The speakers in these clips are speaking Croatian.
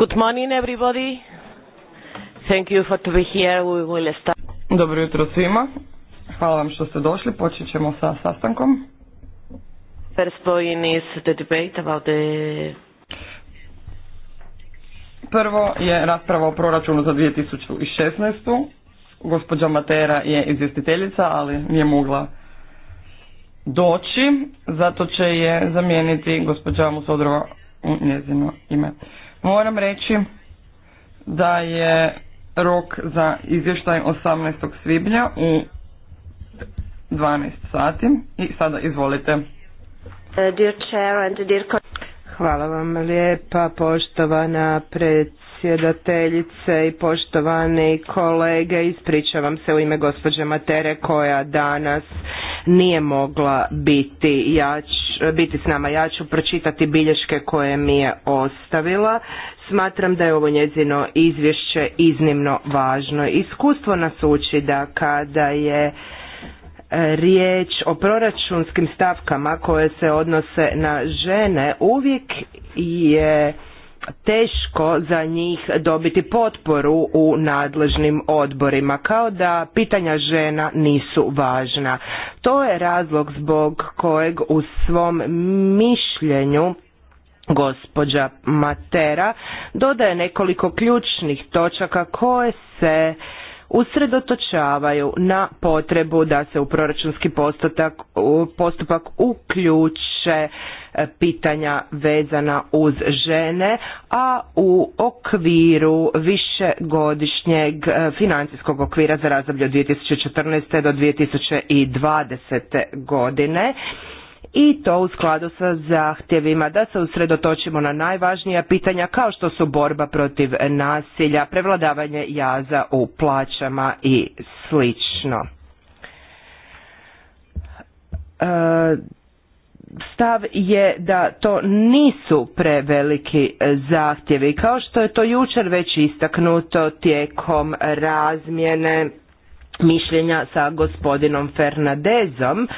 Good morning everybody. Thank you for to be here. We will start. Dobro jutro svima. Hvala vam što ste došli. Počet ćemo sa sastankom. First point is debate about the... Prvo je rasprava o proračunu za 2016. Gospođa Matera je izvjestiteljica, ali nije mogla doći, zato će je zamijeniti gospođa Musodrova u njezino ime. Moram reći da je rok za izvještaj 18. svibnja u 12 sati i sada izvolite. Hvala vam lijepa poštovana predsjednica predsjedateljice i poštovani kolege. Ispričavam se u ime gospođe Matere koja danas nije mogla biti, jač, biti s nama. Ja ću pročitati bilješke koje mi je ostavila. Smatram da je ovo njezino izvješće iznimno važno. Iskustvo nas uči da kada je e, riječ o proračunskim stavkama koje se odnose na žene uvijek je teško za njih dobiti potporu u nadležnim odborima, kao da pitanja žena nisu važna. To je razlog zbog kojeg u svom mišljenju gospođa Matera dodaje nekoliko ključnih točaka koje se usredotočavaju na potrebu da se u proračunski postupak uključe pitanja vezana uz žene, a u okviru višegodišnjeg e, financijskog okvira za razdoblje od 2014. do 2020. godine i to u skladu sa zahtjevima da se usredotočimo na najvažnija pitanja kao što su borba protiv nasilja, prevladavanje jaza u plaćama i slično. E, stav je da to nisu preveliki e, zahtjevi, kao što je to jučer već istaknuto tijekom razmjene mišljenja sa gospodinom Fernadezom,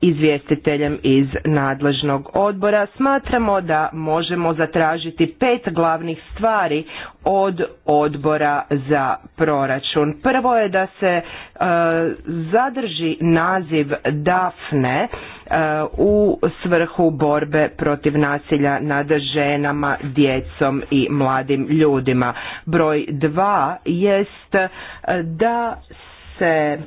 izvjestiteljem iz nadležnog odbora, smatramo da možemo zatražiti pet glavnih stvari od odbora za proračun. Prvo je da se e, zadrži naziv DAFNE, u svrhu borbe protiv nasilja nad ženama, djecom i mladim ljudima. Broj dva jest da se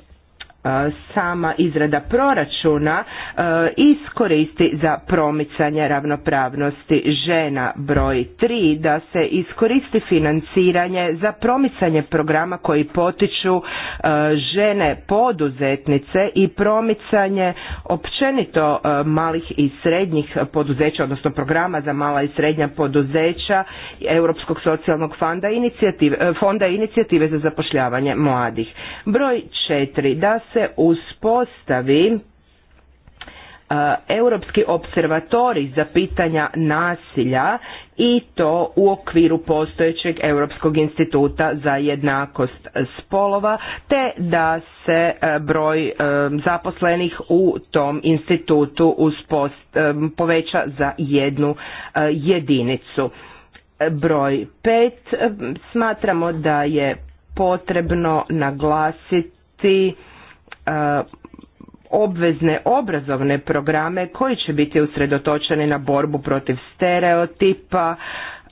E, sama izrada proračuna e, iskoristi za promicanje ravnopravnosti žena broj 3 da se iskoristi financiranje za promicanje programa koji potiču e, žene poduzetnice i promicanje općenito malih i srednjih poduzeća odnosno programa za mala i srednja poduzeća Europskog socijalnog fonda inicijative, fonda inicijative za zapošljavanje mladih. Broj 4 da se uspostavi e, Europski observatori za pitanja nasilja i to u okviru postojećeg Europskog instituta za jednakost spolova, te da se e, broj e, zaposlenih u tom institutu poveća za jednu jedinicu. Broj pet smatramo da je potrebno naglasiti E, obvezne obrazovne programe koji će biti usredotočeni na borbu protiv stereotipa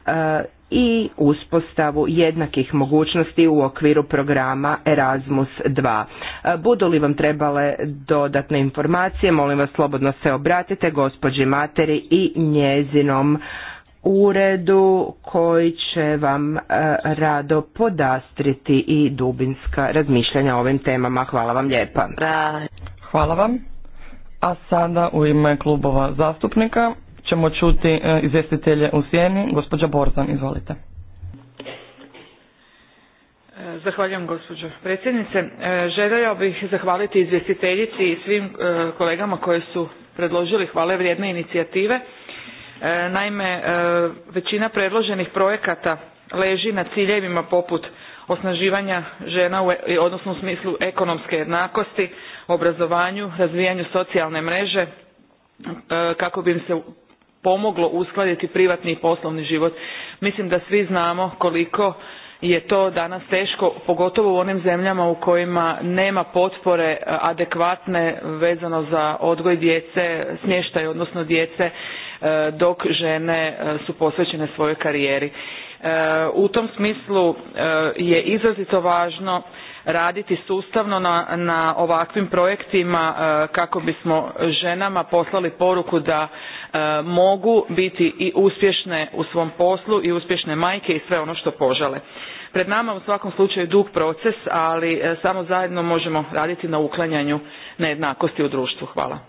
e, i uspostavu jednakih mogućnosti u okviru programa Erasmus 2. E, budu li vam trebale dodatne informacije, molim vas slobodno se obratite gospođi Materi i njezinom uredu koji će vam e, rado podastriti i dubinska razmišljanja o ovim temama. Hvala vam lijepa. Hvala vam. A sada u ime klubova zastupnika ćemo čuti e, izvjestitelje u sjeni. Gospođa Borzan, izvolite. E, zahvaljujem gospođo predsjednice. Željela bih zahvaliti izvjestiteljici i svim kolegama koji su predložili hvale vrijedne inicijative E, naime, e, većina predloženih projekata leži na ciljevima poput osnaživanja žena u, e, odnosno u smislu ekonomske jednakosti, obrazovanju, razvijanju socijalne mreže kako bi im se pomoglo uskladiti privatni i poslovni život. Mislim da svi znamo koliko je to danas teško, pogotovo u onim zemljama u kojima nema potpore adekvatne vezano za odgoj djece, smještaj odnosno djece dok žene e, su posvećene svojoj karijeri. E, u tom smislu e, je izrazito važno raditi sustavno na, na ovakvim projektima kako bismo ženama poslali poruku da mogu biti i uspješne u svom poslu i uspješne majke i sve ono što požele. Pred nama u svakom slučaju dug proces, ali samo zajedno možemo raditi na uklanjanju nejednakosti u društvu. Hvala.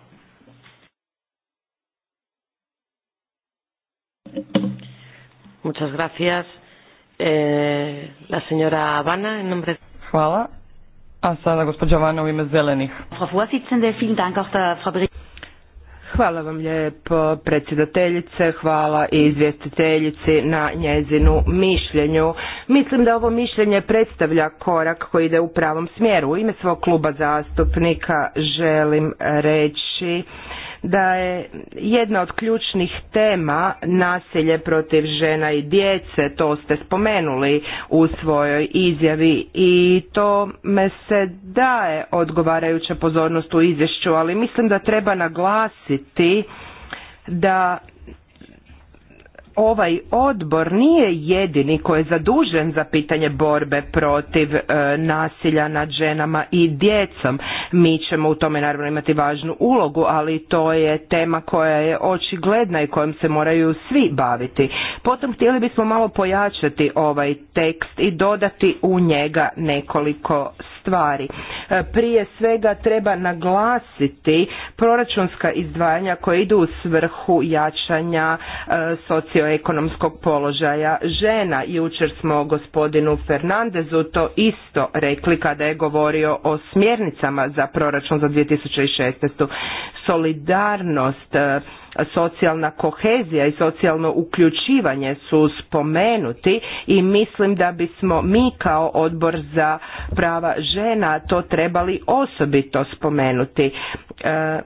Muchas gracias. Eh, la señora Hvala. A sada gospođa Vana u ime zelenih. Äh, hvala vam lijepo predsjedateljice, hvala i izvjestiteljici na njezinu mišljenju. Mislim da ovo mišljenje predstavlja korak koji ide u pravom smjeru. U ime svog kluba zastupnika želim reći da je jedna od ključnih tema nasilje protiv žena i djece, to ste spomenuli u svojoj izjavi i to me se daje odgovarajuća pozornost u izvješću, ali mislim da treba naglasiti da ovaj odbor nije jedini koji je zadužen za pitanje borbe protiv e, nasilja nad ženama i djecom. Mi ćemo u tome naravno imati važnu ulogu, ali to je tema koja je očigledna i kojom se moraju svi baviti. Potom htjeli bismo malo pojačati ovaj tekst i dodati u njega nekoliko stvari. E, prije svega treba naglasiti proračunska izdvajanja koja idu u svrhu jačanja e, socioekonomskog položaja žena. Jučer smo gospodinu Fernandezu to isto rekli kada je govorio o smjernicama za proračun za 2016. Solidarnost e, socijalna kohezija i socijalno uključivanje su spomenuti i mislim da bismo mi kao odbor za prava žena to trebali osobito spomenuti e,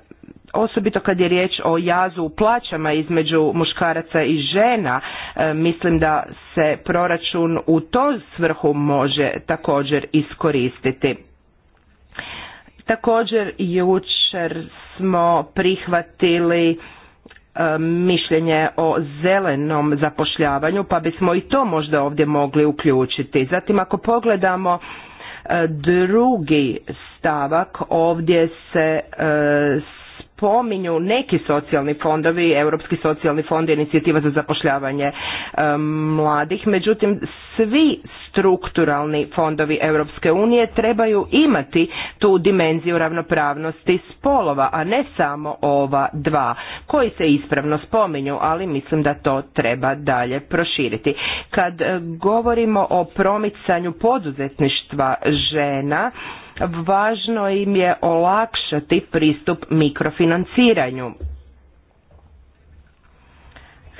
osobito kad je riječ o jazu u plaćama između muškaraca i žena e, mislim da se proračun u to svrhu može također iskoristiti također jučer smo prihvatili mišljenje o zelenom zapošljavanju, pa bismo i to možda ovdje mogli uključiti. Zatim ako pogledamo e, drugi stavak, ovdje se e, pominju neki socijalni fondovi, Europski socijalni fond i inicijativa za zapošljavanje e, mladih, međutim svi strukturalni fondovi Europske unije trebaju imati tu dimenziju ravnopravnosti spolova, a ne samo ova dva koji se ispravno spominju, ali mislim da to treba dalje proširiti. Kad e, govorimo o promicanju poduzetništva žena, važno im je olakšati pristup mikrofinanciranju.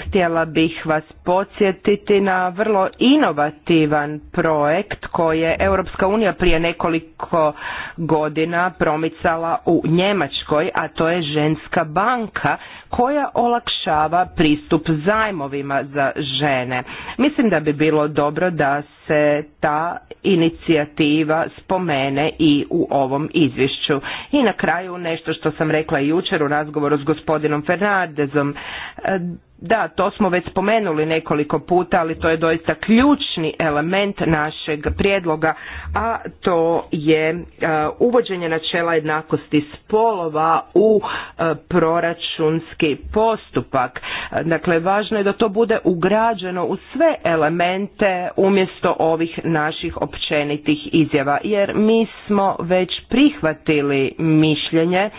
Htjela bih vas podsjetiti na vrlo inovativan projekt koji je Europska unija prije nekoliko godina promicala u Njemačkoj, a to je ženska banka koja olakšava pristup zajmovima za žene. Mislim da bi bilo dobro da se ta inicijativa spomene i u ovom izvješću. I na kraju nešto što sam rekla jučer u razgovoru s gospodinom Fernandezom. E, da, to smo već spomenuli nekoliko puta, ali to je doista ključni element našeg prijedloga, a to je e, uvođenje načela jednakosti spolova u e, proračunski postupak. Dakle, važno je da to bude ugrađeno u sve elemente umjesto ovih naših općenitih izjava, jer mi smo već prihvatili mišljenje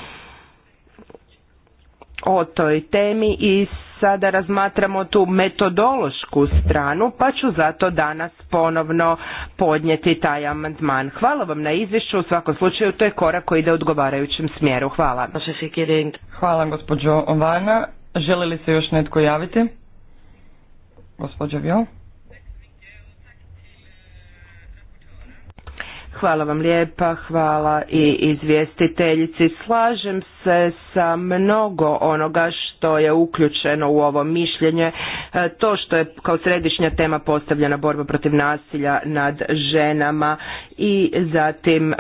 o toj temi i sada razmatramo tu metodološku stranu, pa ću zato danas ponovno podnijeti taj amandman. Hvala vam na izvješću, u svakom slučaju to je korak koji ide u odgovarajućem smjeru. Hvala. Hvala gospođo Ovana. Želi li se još netko javiti? Gospođo Vio. Hvala vam lijepa, hvala i izvjestiteljici. Slažem se sa mnogo onoga što je uključeno u ovo mišljenje. E, to što je kao središnja tema postavljena borba protiv nasilja nad ženama i zatim e,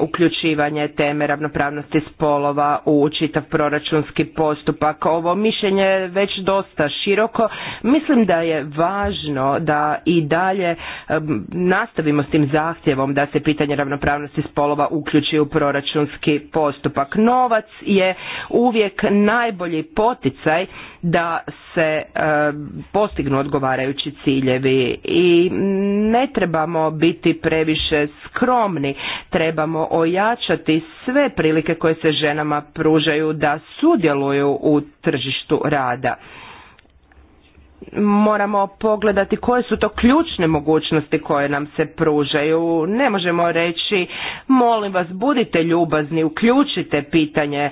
uključivanje teme ravnopravnosti spolova u čitav proračunski postupak. Ovo mišljenje je već dosta široko. Mislim da je važno da i dalje e, nastavimo s tim zahtjevom da se pitanje pitanje ravnopravnosti spolova uključi u proračunski postupak. Novac je uvijek najbolji poticaj da se e, postignu odgovarajući ciljevi i ne trebamo biti previše skromni, trebamo ojačati sve prilike koje se ženama pružaju da sudjeluju u tržištu rada moramo pogledati koje su to ključne mogućnosti koje nam se pružaju. Ne možemo reći, molim vas, budite ljubazni, uključite pitanje e,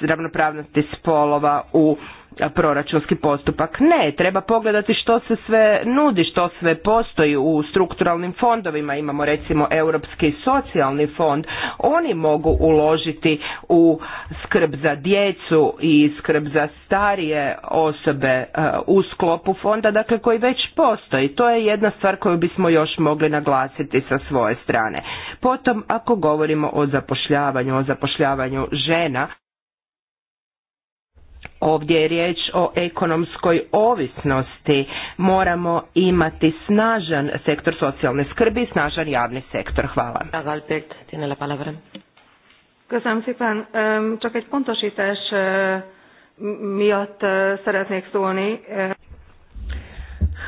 ravnopravnosti spolova u proračunski postupak. Ne, treba pogledati što se sve nudi, što sve postoji u strukturalnim fondovima. Imamo recimo Europski socijalni fond. Oni mogu uložiti u skrb za djecu i skrb za starije osobe e, u sklopu fonda, dakle koji već postoji. To je jedna stvar koju bismo još mogli naglasiti sa svoje strane. Potom ako govorimo o zapošljavanju, o zapošljavanju žena, Ovdje je riječ o ekonomskoj ovisnosti. Moramo imati snažan sektor socijalne skrbi snažan javni sektor. Hvala. Köszönöm szépen. Csak egy pontosítás miatt szeretnék szólni.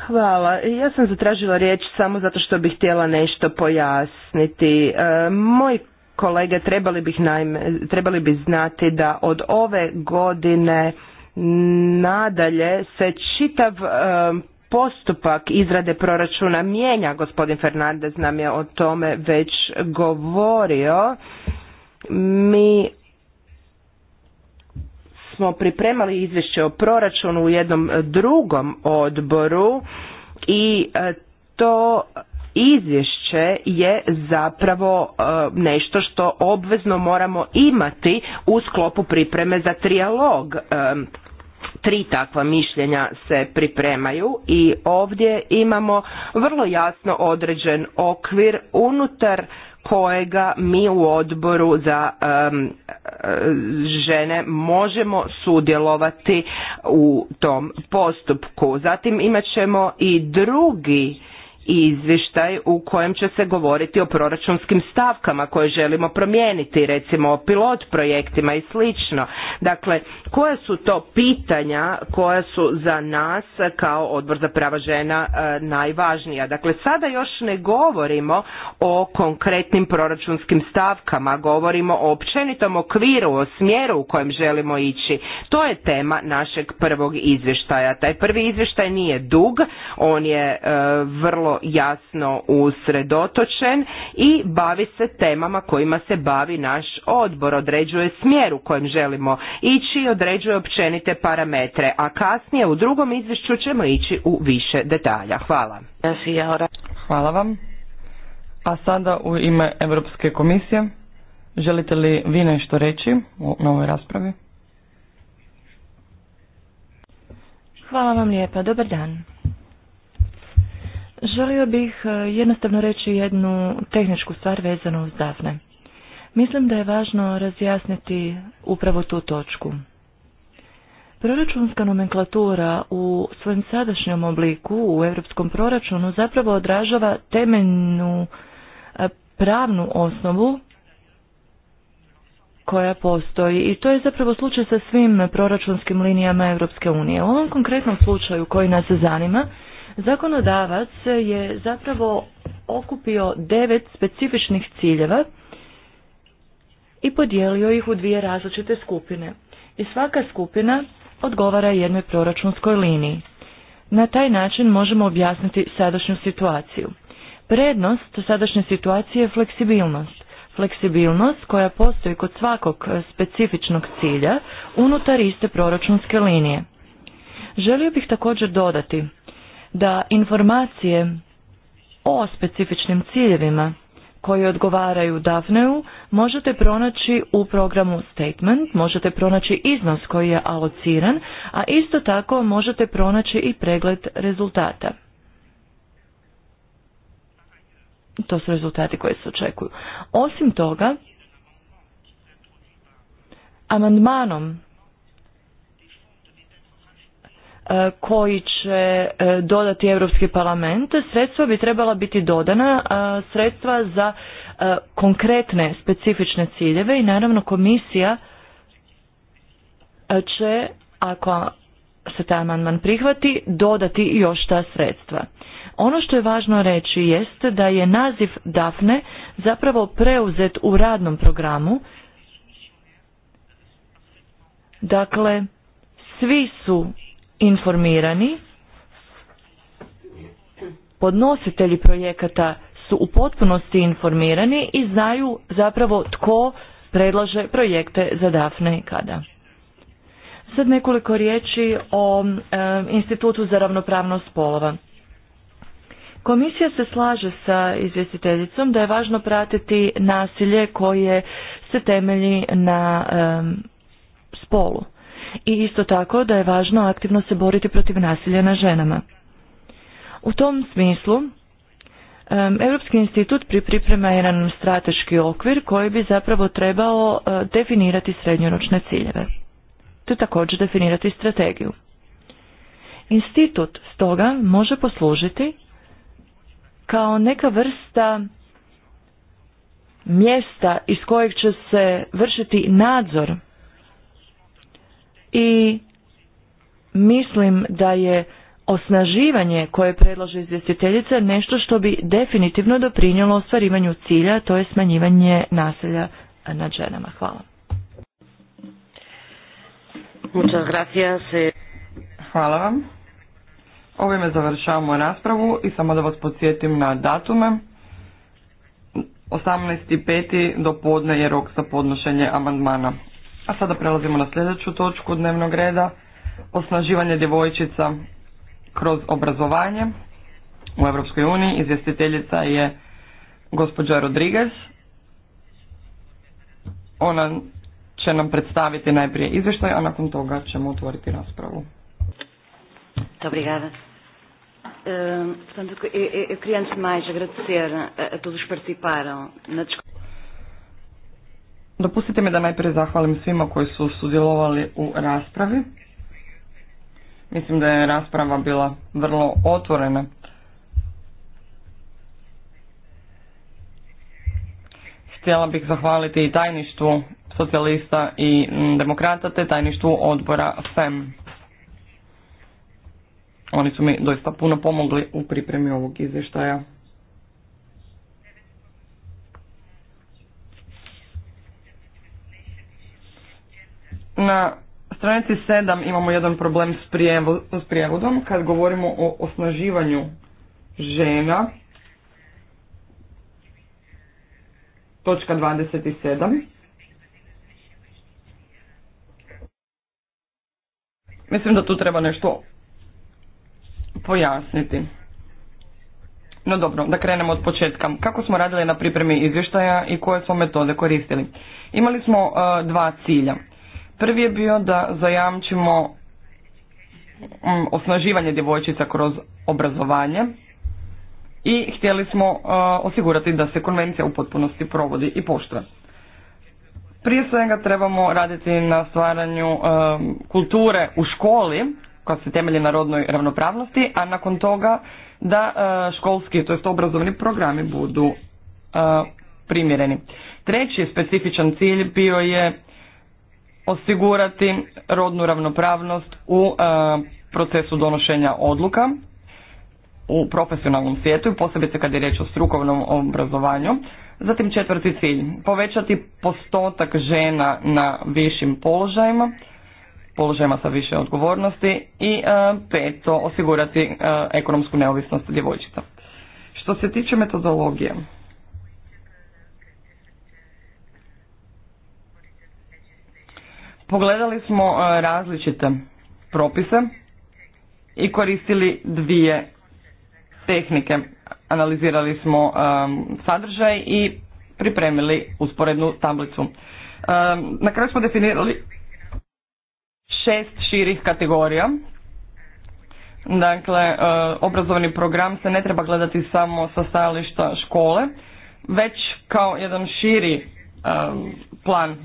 Hvala. Ja sam zatražila riječ samo zato što bih htjela nešto pojasniti. Moj kolege trebali bi, trebali bi znati da od ove godine nadalje se čitav e, postupak izrade proračuna mijenja. Gospodin Fernandez nam je o tome već govorio. Mi smo pripremali izvješće o proračunu u jednom drugom odboru i e, to izvješće je zapravo e, nešto što obvezno moramo imati u sklopu pripreme za trijalog e, tri takva mišljenja se pripremaju i ovdje imamo vrlo jasno određen okvir unutar kojega mi u odboru za žene možemo sudjelovati u tom postupku. Zatim imat ćemo i drugi izvještaj u kojem će se govoriti o proračunskim stavkama koje želimo promijeniti, recimo o pilot projektima i slično. Dakle, koja su to pitanja koja su za nas kao odbor za prava žena e, najvažnija? Dakle, sada još ne govorimo o konkretnim proračunskim stavkama, govorimo o općenitom okviru, o smjeru u kojem želimo ići. To je tema našeg prvog izvještaja. Taj prvi izvještaj nije dug, on je e, vrlo jasno usredotočen i bavi se temama kojima se bavi naš odbor, određuje smjer u kojem želimo ići i određuje općenite parametre, a kasnije u drugom izvješću ćemo ići u više detalja. Hvala. Hvala vam. A sada u ime Europske komisije, želite li vi nešto reći u novoj raspravi? Hvala vam lijepa, dobar dan. Želio bih e, jednostavno reći jednu tehničku stvar vezanu uz Dafne. Mislim da je važno razjasniti upravo tu točku. Proračunska nomenklatura u svojem sadašnjem obliku u europskom proračunu zapravo odražava temeljnu e, pravnu osnovu koja postoji i to je zapravo slučaj sa svim proračunskim linijama Europske unije. U ovom konkretnom slučaju koji nas zanima Zakonodavac je zapravo okupio devet specifičnih ciljeva i podijelio ih u dvije različite skupine. I svaka skupina odgovara jednoj proračunskoj liniji. Na taj način možemo objasniti sadašnju situaciju. Prednost sadašnje situacije je fleksibilnost. Fleksibilnost koja postoji kod svakog specifičnog cilja unutar iste proračunske linije. Želio bih također dodati da informacije o specifičnim ciljevima koji odgovaraju Dafneu možete pronaći u programu Statement, možete pronaći iznos koji je alociran, a isto tako možete pronaći i pregled rezultata. To su rezultati koji se očekuju. Osim toga, amandmanom E, koji će e, dodati Europski parlament, sredstva bi trebala biti dodana, e, sredstva za konkretne specifične ciljeve i naravno komisija će, ako se taj amandman prihvati, dodati još ta sredstva. Ono što je važno reći jeste da je naziv DAFNE zapravo preuzet u radnom programu, dakle svi su informirani, podnositelji projekata su u potpunosti informirani i znaju zapravo tko predlaže projekte za Dafne i kada. Sad nekoliko riječi o Institutu za ravnopravnost spolova. Komisija se slaže sa izvjestiteljicom da je važno pratiti nasilje koje se temelji na spolu i isto tako da je važno aktivno se boriti protiv nasilja na ženama. U tom smislu, Europski institut priprema jedan strateški okvir koji bi zapravo trebao e, definirati srednjoročne ciljeve, te također definirati strategiju. Institut stoga može poslužiti kao neka vrsta mjesta iz kojeg će se vršiti nadzor i mislim da je osnaživanje koje predlaže izvjestiteljica nešto što bi definitivno doprinjelo ostvarivanju cilja, to je smanjivanje nasilja nad ženama. Hvala. Muchas eh. Hvala vam. Ovime završavamo raspravu i samo da vas podsjetim na datume. 18.5. do podne je rok za podnošenje amandmana. A sada prelazimo na sljedeću točku dnevnog reda, osnaživanje djevojčica kroz obrazovanje u Europskoj uniji. Izvjestiteljica je gospođa Rodriguez. Ona će nam predstaviti najprije izvještaj, a nakon toga ćemo otvoriti raspravu. Dobri gada. portanto, ehm, eu, queria e- antes de mais agradecer a, e- e- todos que participaram na znači, Dopustite mi da najprije zahvalim svima koji su sudjelovali u raspravi. Mislim da je rasprava bila vrlo otvorena. Htjela bih zahvaliti i tajništvu socijalista i demokrata te tajništvu odbora FEM. Oni su mi doista puno pomogli u pripremi ovog izvještaja. Na stranici 7 imamo jedan problem s prijevodom kad govorimo o osnaživanju žena. Točka 27. Mislim da tu treba nešto pojasniti. No dobro, da krenemo od početka. Kako smo radili na pripremi izvještaja i koje smo metode koristili? Imali smo e, dva cilja. Prvi je bio da zajamčimo mm, osnaživanje djevojčica kroz obrazovanje i htjeli smo uh, osigurati da se konvencija u potpunosti provodi i poštuje. Prije svega trebamo raditi na stvaranju um, kulture u školi koja se temelji na rodnoj ravnopravnosti, a nakon toga da uh, školski, to jest obrazovni programi budu uh, primjereni. Treći specifičan cilj bio je osigurati rodnu ravnopravnost u e, procesu donošenja odluka u profesionalnom svijetu posebice kad je riječ o strukovnom obrazovanju. Zatim četvrti cilj, povećati postotak žena na višim položajima, položajima sa više odgovornosti i e, peto, osigurati e, ekonomsku neovisnost djevojčica. Što se tiče metodologije, Pogledali smo e, različite propise i koristili dvije tehnike. Analizirali smo e, sadržaj i pripremili usporednu tablicu. E, na kraju smo definirali šest širih kategorija. Dakle, obrazovni program se ne treba gledati samo sa stajališta škole, već kao jedan širi plan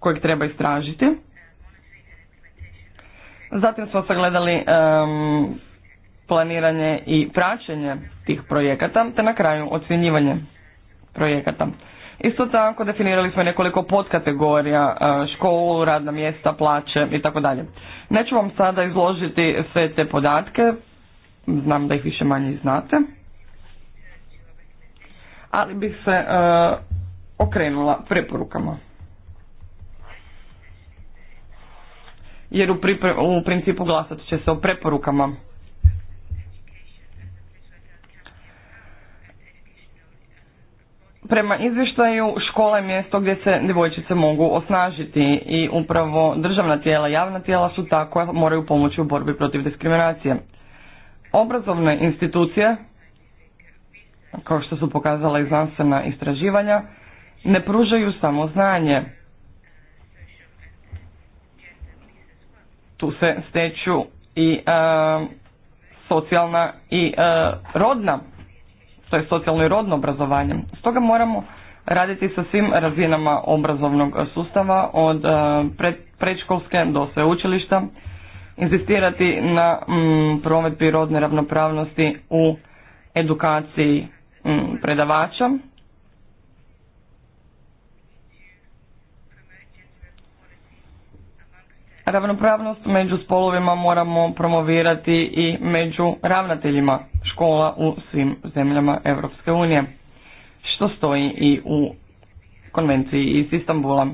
kojeg treba istražiti. Zatim smo sagledali planiranje i praćenje tih projekata, te na kraju ocjenjivanje projekata. Isto tako definirali smo nekoliko podkategorija, e, školu, radna mjesta, plaće i tako dalje. Neću vam sada izložiti sve te podatke, znam da ih više manje znate, ali bih se e, okrenula preporukama. jer u, u principu glasat će se o preporukama. Prema izvještaju škole je mjesto gdje se djevojčice mogu osnažiti i upravo državna tijela, i javna tijela su ta koja moraju pomoći u borbi protiv diskriminacije. Obrazovne institucije, kao što su pokazala i znanstvena istraživanja, ne pružaju samo znanje, tu se steću i e, socijalna i e, rodna, to je socijalno i rodno obrazovanje. Stoga moramo raditi sa svim razinama obrazovnog sustava od e, predškolske do sveučilišta, inzistirati na m, provedbi rodne ravnopravnosti u edukaciji predavača Ravnopravnost među spolovima moramo promovirati i među ravnateljima škola u svim zemljama Europske unije, što stoji i u konvenciji iz Istambula.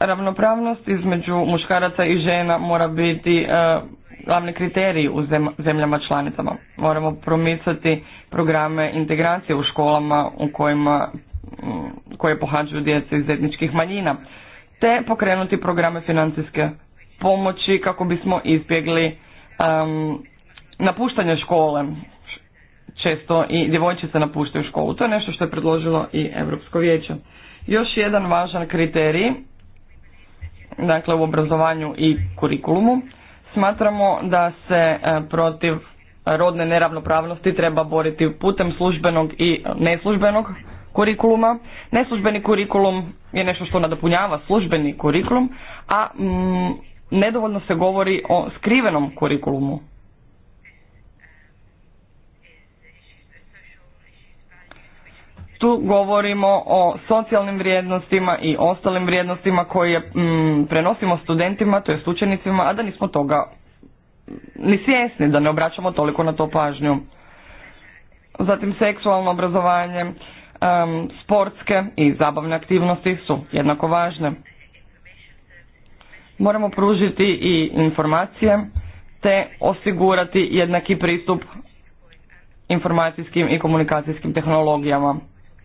Ravnopravnost između muškaraca i žena mora biti e, glavni kriterij u zemljama članicama. Moramo promicati programe integracije u školama u kojima koje pohađaju djece iz etničkih manjina te pokrenuti programe financijske pomoći kako bismo izbjegli napuštanje škole. Često i djevojčice napuštaju školu. To je nešto što je predložilo i Europsko vijeće. Još jedan važan kriterij, dakle u obrazovanju i kurikulumu, smatramo da se e, protiv rodne neravnopravnosti treba boriti putem službenog i neslužbenog kurikuluma. Neslužbeni kurikulum je nešto što nadopunjava službeni kurikulum, a mm, nedovoljno se govori o skrivenom kurikulumu. Tu govorimo o socijalnim vrijednostima i ostalim vrijednostima koje mm, prenosimo studentima, to je učenicima, a da nismo toga mm, ni svjesni, da ne obraćamo toliko na to pažnju. Zatim seksualno obrazovanje, sportske i zabavne aktivnosti su jednako važne. Moramo pružiti i informacije te osigurati jednaki pristup informacijskim i komunikacijskim tehnologijama,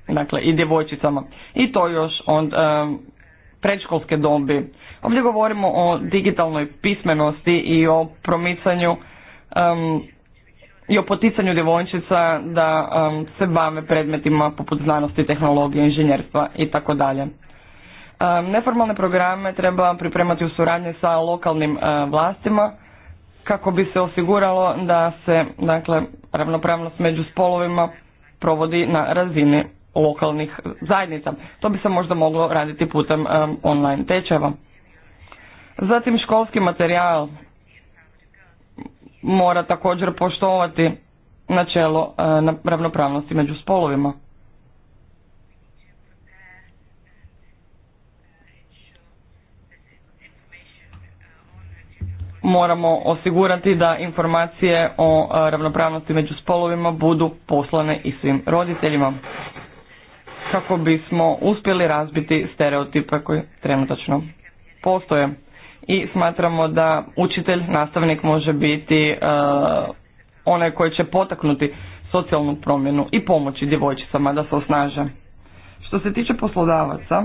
dakle i djevojčicama. I to još od predškolske dobi. Ovdje govorimo o digitalnoj pismenosti i o promicanju i o poticanju djevojčica da um, se bave predmetima poput znanosti, tehnologije, inženjerstva i tako dalje. Um, neformalne programe treba pripremati u suradnji sa lokalnim uh, vlastima kako bi se osiguralo da se dakle, ravnopravnost među spolovima provodi na razini lokalnih zajednica. To bi se možda moglo raditi putem um, online tečeva. Zatim školski materijal mora također poštovati načelo e, ravnopravnosti među spolovima. moramo osigurati da informacije o e, ravnopravnosti među spolovima budu poslane i svim roditeljima kako bismo uspjeli razbiti stereotipe koji trenutačno postoje i smatramo da učitelj, nastavnik može biti e, onaj koji će potaknuti socijalnu promjenu i pomoći djevojčicama da se osnaže. Što se tiče poslodavaca,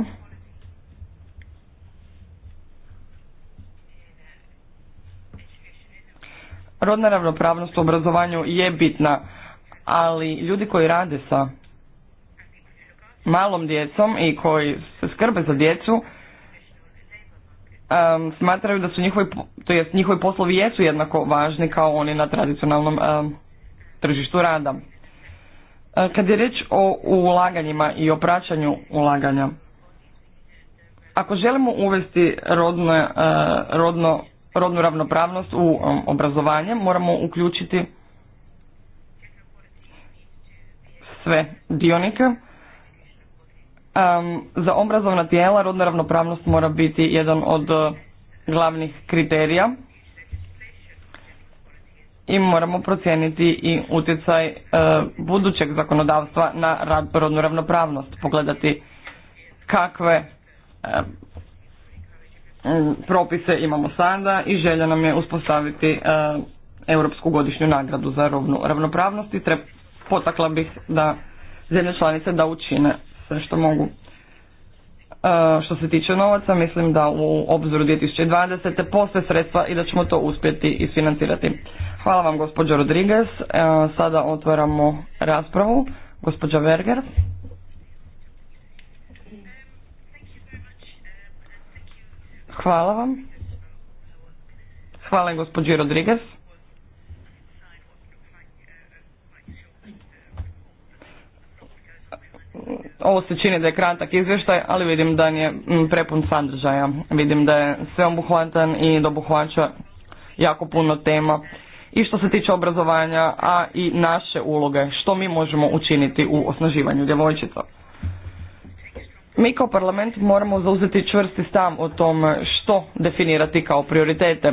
rodna ravnopravnost u obrazovanju je bitna, ali ljudi koji rade sa malom djecom i koji se skrbe za djecu um, smatraju da su njihovi, to jest njihovi poslovi jesu jednako važni kao oni na tradicionalnom tržištu rada. E, kad je riječ o ulaganjima i o praćanju ulaganja, ako želimo uvesti rodno, e, rodno, rodnu ravnopravnost u obrazovanje, moramo uključiti sve dionike za obrazovna tijela rodna ravnopravnost mora biti jedan od e, glavnih kriterija i moramo procijeniti i utjecaj e, budućeg zakonodavstva na rodnu ravnopravnost, pogledati kakve e, propise imamo sada i želja nam je uspostaviti Europsku godišnju nagradu za rodnu ravnopravnost i potakla bih da zemlje članice da učine što mogu. Uh, što se tiče novaca, mislim da u obzoru 2020. postoje sredstva i da ćemo to uspjeti isfinancirati. Hvala vam gospođo Rodriguez. E, sada otvaramo raspravu. Gospođa Verger. Hvala vam. Hvala gospođi Rodriguez. Ovo se čini da je kratak izvještaj, ali vidim da je mm, prepun sadržaja. Vidim da je sveobuhvatan i da obuhvaća jako puno tema i što se tiče obrazovanja, a i naše uloge, što mi možemo učiniti u osnaživanju djevojčica. Mi kao parlament moramo zauzeti čvrsti stav o tom što definirati kao prioritete.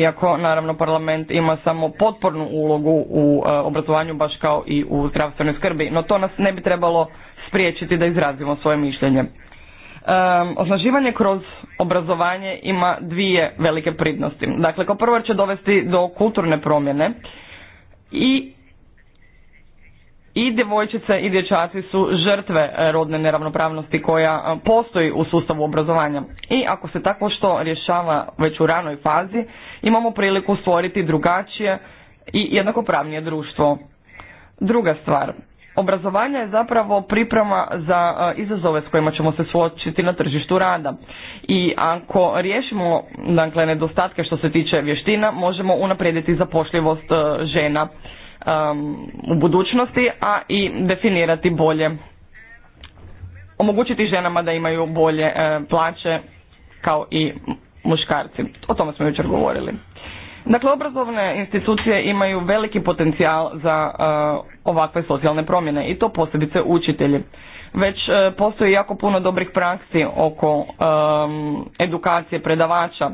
Iako naravno parlament ima samo potpornu ulogu u e, obrazovanju baš kao i u zdravstvenoj skrbi, no to nas ne bi trebalo spriječiti da izrazimo svoje mišljenje. Um, osnaživanje kroz obrazovanje ima dvije velike prednosti. Dakle, kao prvo će dovesti do kulturne promjene i i djevojčice i dječaci su žrtve rodne neravnopravnosti koja postoji u sustavu obrazovanja. I ako se tako što rješava već u ranoj fazi, imamo priliku stvoriti drugačije i jednakopravnije društvo. Druga stvar, obrazovanje je zapravo priprema za izazove s kojima ćemo se suočiti na tržištu rada. I ako riješimo dakle, nedostatke što se tiče vještina, možemo unaprijediti zapošljivost žena u budućnosti, a i definirati bolje, omogućiti ženama da imaju bolje e, plaće kao i muškarci. O tome smo jučer govorili. Dakle, obrazovne institucije imaju veliki potencijal za uh, ovakve socijalne promjene i to posebice učitelji. Već uh, postoji jako puno dobrih praksi oko um, edukacije predavača.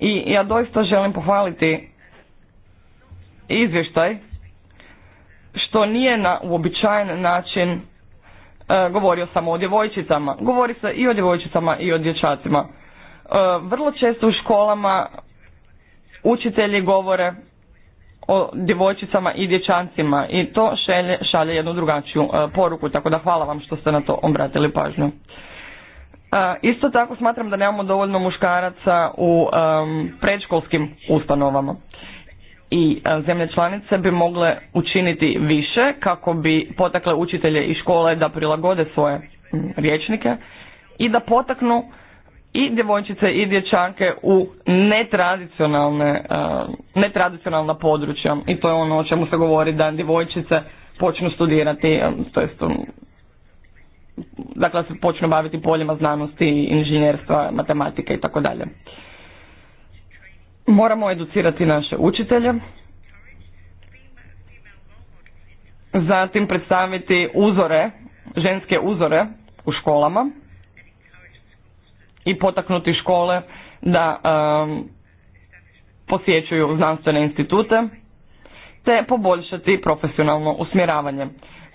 I ja doista želim pohvaliti izvještaj što nije na uobičajen način uh, govorio samo o djevojčicama. Govori se i o djevojčicama i o dječacima. Vrlo često u školama učitelji govore o djevojčicama i dječancima i to šalje, šalje jednu drugačiju e, poruku, tako da hvala vam što ste na to obratili pažnju. E, isto tako smatram da nemamo dovoljno muškaraca u e, predškolskim ustanovama i zemlje članice bi mogle učiniti više kako bi potakle učitelje i škole da prilagode svoje rječnike i da potaknu i djevojčice i dječake u netradicionalne, eh, netradicionalna područja i to je ono o čemu se govori da djevojčice počnu studirati, eh, to um, dakle se počnu baviti poljima znanosti, inženjerstva, matematike i tako dalje. Moramo educirati naše učitelje, zatim predstaviti uzore, ženske uzore u školama, i potaknuti škole da posjećuju znanstvene institute te poboljšati profesionalno usmjeravanje.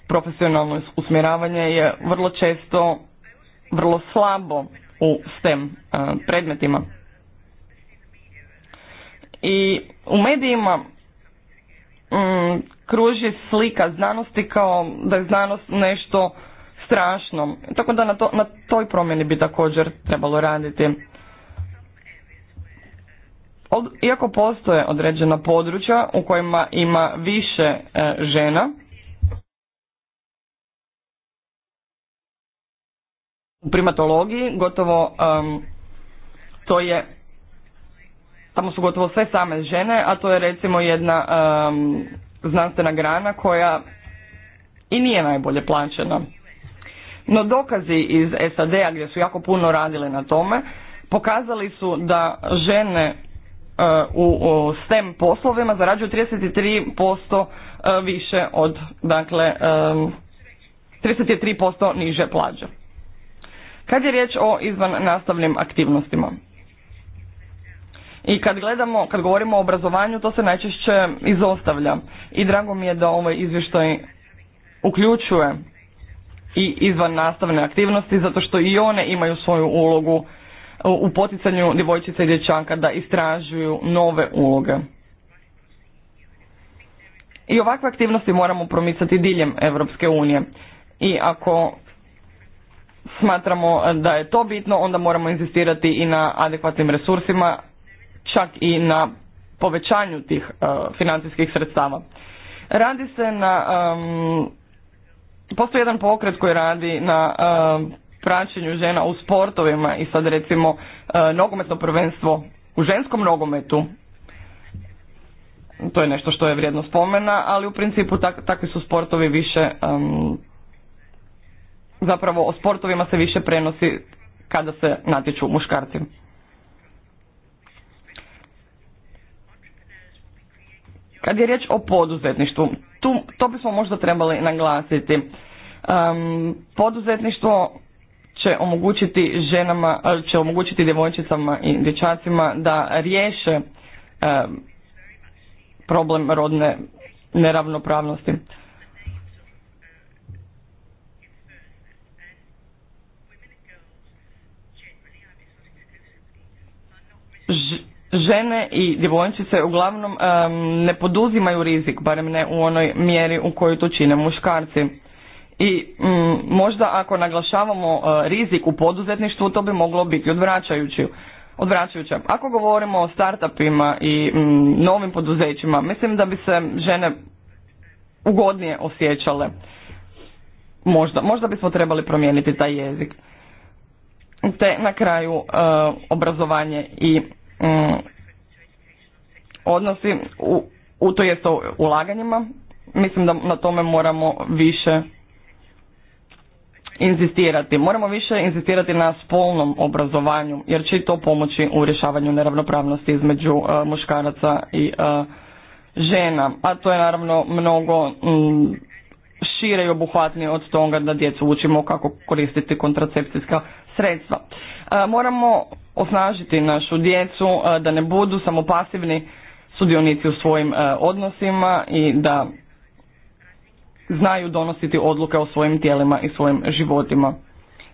Profesionalno usmjeravanje je vrlo često vrlo slabo u STEM predmetima. I u medijima um, kruži slika znanosti kao da je znanost nešto strašno. Tako da na, to, na toj promjeni bi također trebalo raditi. Od, iako postoje određena područja u kojima ima više e, žena, u primatologiji gotovo to je tamo su gotovo sve same žene, a to je recimo jedna znanstvena grana koja i nije najbolje plaćena. No dokazi iz SAD-a gdje su jako puno radile na tome, pokazali su da žene e, u, STEM poslovima zarađuju 33% e, više od, dakle, 33% e, niže plaće. Kad je riječ o izvan nastavnim aktivnostima? I kad gledamo, kad govorimo o obrazovanju, to se najčešće izostavlja. I drago mi je da ovaj izvještaj uključuje i izvan nastavne aktivnosti zato što i one imaju svoju ulogu u poticanju djevojčica i dječaka da istražuju nove uloge. I ovakve aktivnosti moramo promicati diljem Europske unije. I ako smatramo da je to bitno, onda moramo insistirati i na adekvatnim resursima, čak i na povećanju tih eh, financijskih sredstava. Radi se na postoji jedan pokret koji radi na e, praćenju žena u sportovima i sad recimo e, nogometno prvenstvo u ženskom nogometu to je nešto što je vrijedno spomena, ali u principu tak, takvi su sportovi više, zapravo o sportovima se više prenosi kada se natječu muškarci. Kad je riječ o poduzetništvu, tu, to bismo možda trebali naglasiti. Um, poduzetništvo će omogućiti ženama, e, će omogućiti djevojčicama i dječacima da riješe problem rodne neravnopravnosti. žene i djevojčice uglavnom ne poduzimaju rizik, barem ne u onoj mjeri u kojoj to čine muškarci. I mm, možda ako naglašavamo e, rizik u poduzetništvu, to bi moglo biti odvraćajući. Odvraćajuće. Ako govorimo o startupima i mm, novim poduzećima, mislim da bi se žene ugodnije osjećale. Možda, možda bismo trebali promijeniti taj jezik. Te na kraju e, obrazovanje i Mm, odnosi u, to jest ulaganjima. Mislim da na tome moramo više inzistirati. Moramo više inzistirati na spolnom obrazovanju jer će to pomoći u rješavanju neravnopravnosti između e, muškaraca i e, žena. A to je naravno mnogo mm, šire i obuhvatnije od toga da djecu učimo kako koristiti kontracepcijska sredstva. E, moramo osnažiti našu djecu e, da ne budu samo pasivni sudionici u svojim e, odnosima i da znaju donositi odluke o svojim tijelima i svojim životima.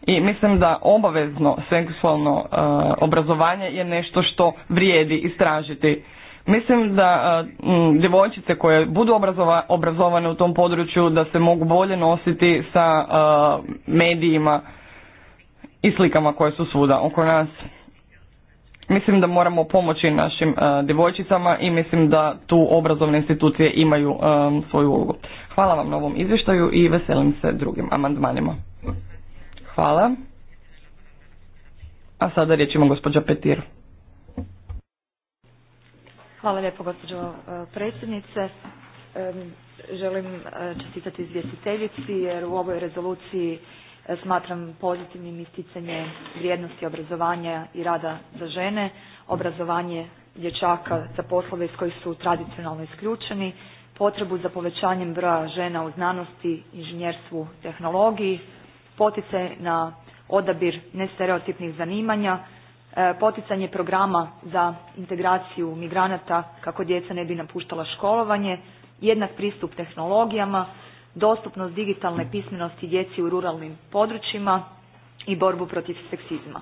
I mislim da obavezno seksualno obrazovanje je nešto što vrijedi istražiti. Mislim da djevojčice koje budu obrazovane u tom području da se mogu bolje nositi sa medijima i slikama koje su svuda oko nas. Mislim da moramo pomoći našim uh, djevojčicama i mislim da tu obrazovne institucije imaju e, svoju ulogu. Hvala vam na ovom izvještaju i veselim se drugim amandmanima. Hvala. A sada riječ ima gospođa Petir. Hvala lijepo gospođo e, predsjednice. Želim čestitati izvjestiteljici jer u ovoj rezoluciji smatram pozitivnim isticanje vrijednosti obrazovanja i rada za žene, obrazovanje dječaka za poslove iz kojih su tradicionalno isključeni, potrebu za povećanjem broja žena u znanosti, inženjerstvu, tehnologiji, poticaj na odabir nestereotipnih zanimanja, e, poticanje programa za integraciju migranata kako djeca ne bi napuštala školovanje, jednak pristup tehnologijama, dostupnost digitalne pismenosti djeci u ruralnim područjima i borbu protiv seksizma.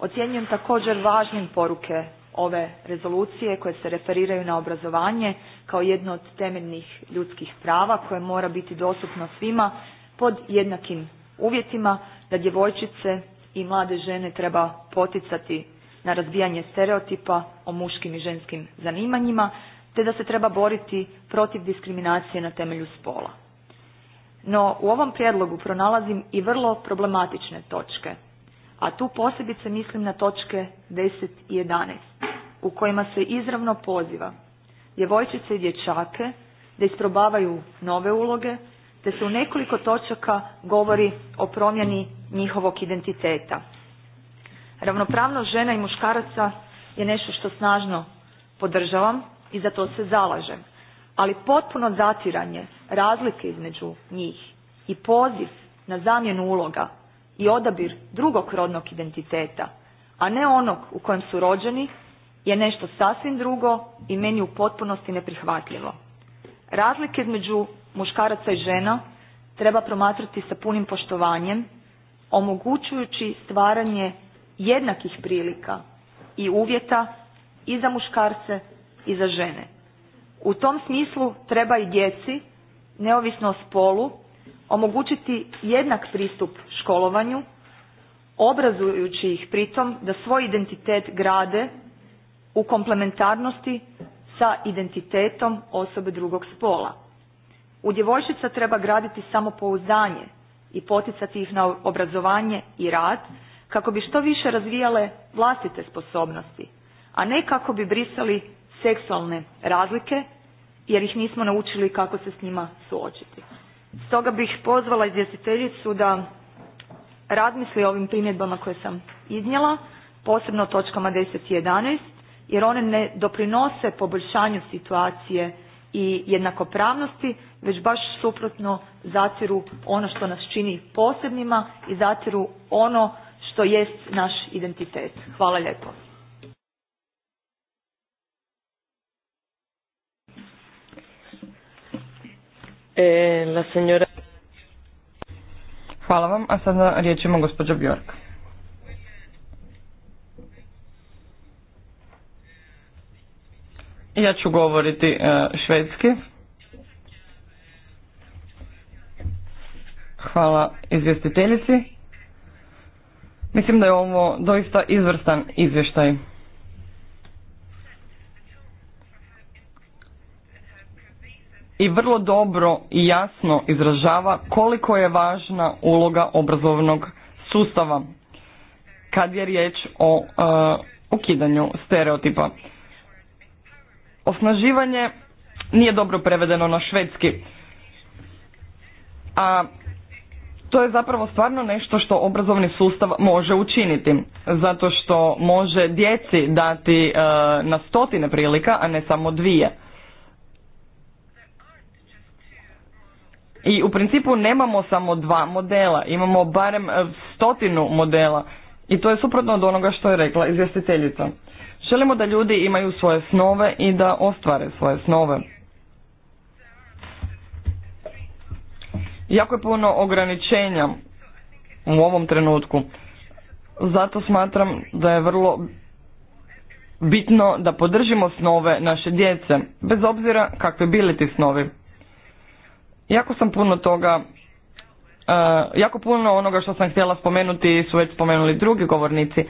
Ocijenjujem također važnim poruke ove rezolucije koje se referiraju na obrazovanje kao jedno od temeljnih ljudskih prava koje mora biti dostupno svima pod jednakim uvjetima da djevojčice i mlade žene treba poticati na razbijanje stereotipa o muškim i ženskim zanimanjima te da se treba boriti protiv diskriminacije na temelju spola. No u ovom prijedlogu pronalazim i vrlo problematične točke, a tu posebice mislim na točke 10 i 11 u kojima se izravno poziva djevojčice i dječake da isprobavaju nove uloge te se u nekoliko točaka govori o promjeni njihovog identiteta. Ravnopravnost žena i muškaraca je nešto što snažno podržavam i za to se zalažem, ali potpuno zatiranje razlike između njih i poziv na zamjenu uloga i odabir drugog rodnog identiteta, a ne onog u kojem su rođeni je nešto sasvim drugo i meni u potpunosti neprihvatljivo. Razlike između muškaraca i žena treba promatrati sa punim poštovanjem, omogućujući stvaranje jednakih prilika i uvjeta i za muškarce i za žene. U tom smislu treba i djeci neovisno o spolu omogućiti jednak pristup školovanju, obrazujući ih pritom da svoj identitet grade u komplementarnosti sa identitetom osobe drugog spola. U djevojčica treba graditi samopouzdanje i poticati ih na obrazovanje i rad kako bi što više razvijale vlastite sposobnosti, a ne kako bi brisali seksualne razlike jer ih nismo naučili kako se s njima suočiti. Stoga bih pozvala izvjestiteljicu da razmisli o ovim primjedbama koje sam iznijela, posebno o točkama 10 i 11, jer one ne doprinose poboljšanju situacije i jednakopravnosti, već baš suprotno zatiru ono što nas čini posebnima i zatiru ono što jest naš identitet. Hvala lijepo. Eh, la Hvala vam, a sada riječ ima gospođa Bjork. Ja ću govoriti eh, švedski. Hvala izvjestiteljici. Mislim da je ovo doista izvrstan izvještaj. i vrlo dobro i jasno izražava koliko je važna uloga obrazovnog sustava kad je riječ o e, ukidanju stereotipa. Osnaživanje nije dobro prevedeno na švedski. A to je zapravo stvarno nešto što obrazovni sustav može učiniti, zato što može djeci dati e, na stotine prilika, a ne samo dvije. I u principu nemamo samo dva modela, imamo barem e, stotinu modela i to je suprotno od onoga što je rekla izvjestiteljica. Želimo da ljudi imaju svoje snove i da ostvare svoje snove. Jako je puno ograničenja u ovom trenutku. Zato smatram da je vrlo bitno da podržimo snove naše djece, bez obzira kakvi bili ti snovi. Jako sam puno toga, e, jako puno onoga što sam htjela spomenuti su već spomenuli drugi govornici.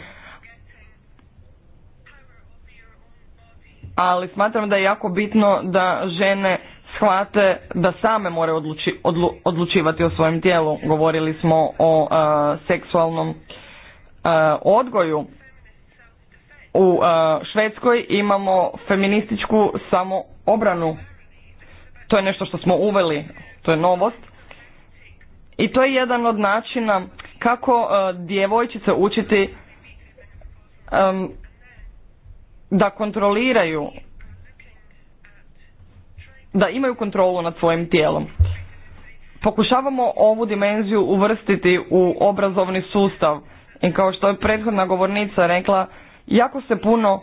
Ali smatram da je jako bitno da žene shvate da same moraju odlučivati o svojem tijelu. Govorili smo o e, seksualnom e, odgoju. U Švedskoj imamo feminističku samoobranu. To je nešto što smo uveli to je novost. I to je jedan od načina kako e, djevojčice učiti da kontroliraju, da imaju kontrolu nad svojim tijelom. Pokušavamo ovu dimenziju uvrstiti u obrazovni sustav i kao što je prethodna govornica rekla, jako se puno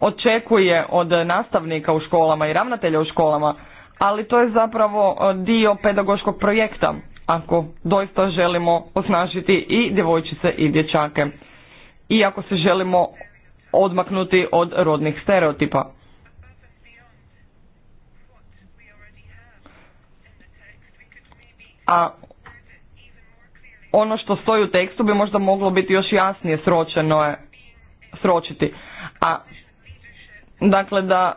očekuje od nastavnika u školama i ravnatelja u školama ali to je zapravo e, dio pedagoškog projekta ako doista želimo osnažiti i djevojčice i dječake i ako se želimo odmaknuti od rodnih stereotipa. A ono što stoji u tekstu bi možda moglo biti još jasnije sročeno je, sročiti. A dakle da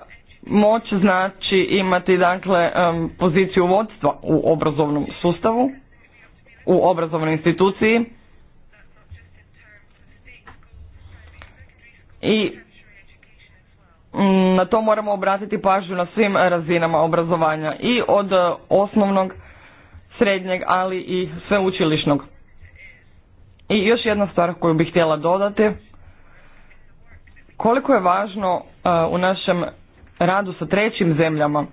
moć znači imati dakle poziciju vodstva u obrazovnom sustavu, u obrazovnoj instituciji i mm, na to moramo obratiti pažnju na svim razinama obrazovanja i od e, osnovnog, srednjeg, ali i sveučilišnog. I još jedna stvar koju bih htjela dodati, koliko je važno e, u našem radu sa trećim zemljama,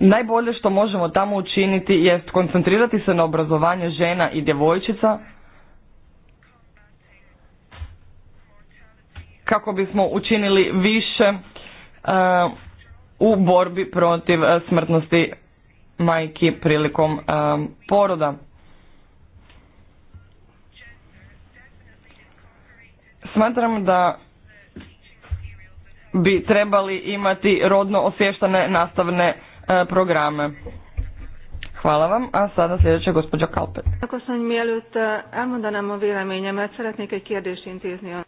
najbolje što možemo tamo učiniti jest koncentrirati se na obrazovanje žena i djevojčica kako bismo učinili više e, u borbi protiv e, smrtnosti majki prilikom e, poroda. Smatram da bi trebali imati rodno osještane nastavne e, programe. Hvala vam, a sada sljedeća gospođa Kalpet. Ako sam e, da nam a véleményemet, szeretnék egy kérdést intézni.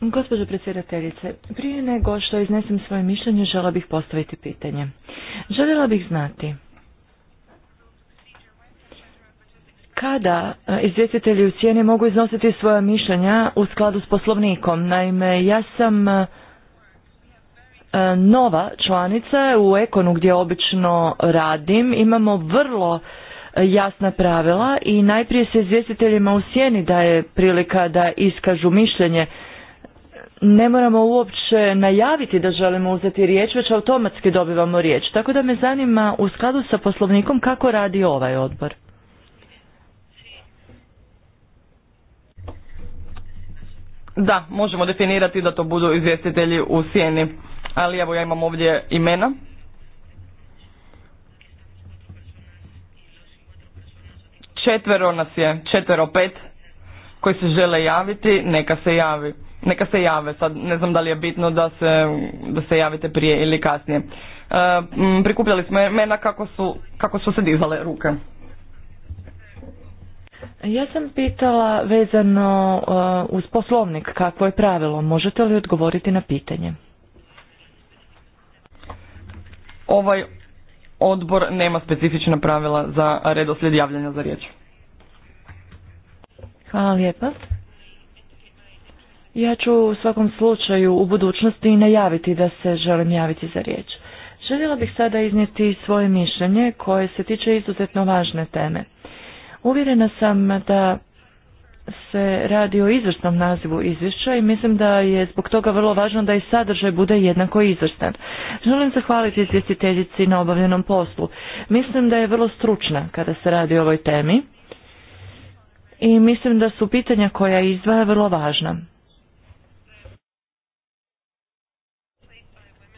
Gospođo predsjedateljice, prije nego što iznesem svoje mišljenje, žela bih postaviti pitanje. Željela bih znati kada e, izvjestitelji u cijeni mogu iznositi svoje mišljenja u skladu s poslovnikom. Naime, ja sam E, nova članica u Ekonu gdje obično radim imamo vrlo jasna pravila i najprije se izvjestiteljima u sjeni daje prilika da iskažu mišljenje. Ne moramo uopće najaviti da želimo uzeti riječ, već automatski dobivamo riječ. Tako da me zanima u skladu sa poslovnikom kako radi ovaj odbor. Da, možemo definirati da to budu izvjestitelji u sjeni ali evo ja imam ovdje imena. Četvero nas je, četvero pet koji se žele javiti, neka se javi. Neka se jave, sad ne znam da li je bitno da se, da se javite prije ili kasnije. E, prikupljali smo imena kako su, kako su se dizale ruke. Ja sam pitala vezano e, uz poslovnik, kakvo je pravilo, možete li odgovoriti na pitanje? ovaj odbor nema specifična pravila za redoslijed javljanja za riječ. Hvala lijepa. Ja ću u svakom slučaju u budućnosti i najaviti da se želim javiti za riječ. Željela bih sada iznijeti svoje mišljenje koje se tiče izuzetno važne teme. Uvjerena sam da se radi o izvrsnom nazivu izvješća i mislim da je zbog toga vrlo važno da i sadržaj bude jednako izvrstan. Želim zahvaliti izvjestiteljici na obavljenom poslu. Mislim da je vrlo stručna kada se radi o ovoj temi i mislim da su pitanja koja izdvaja vrlo važna.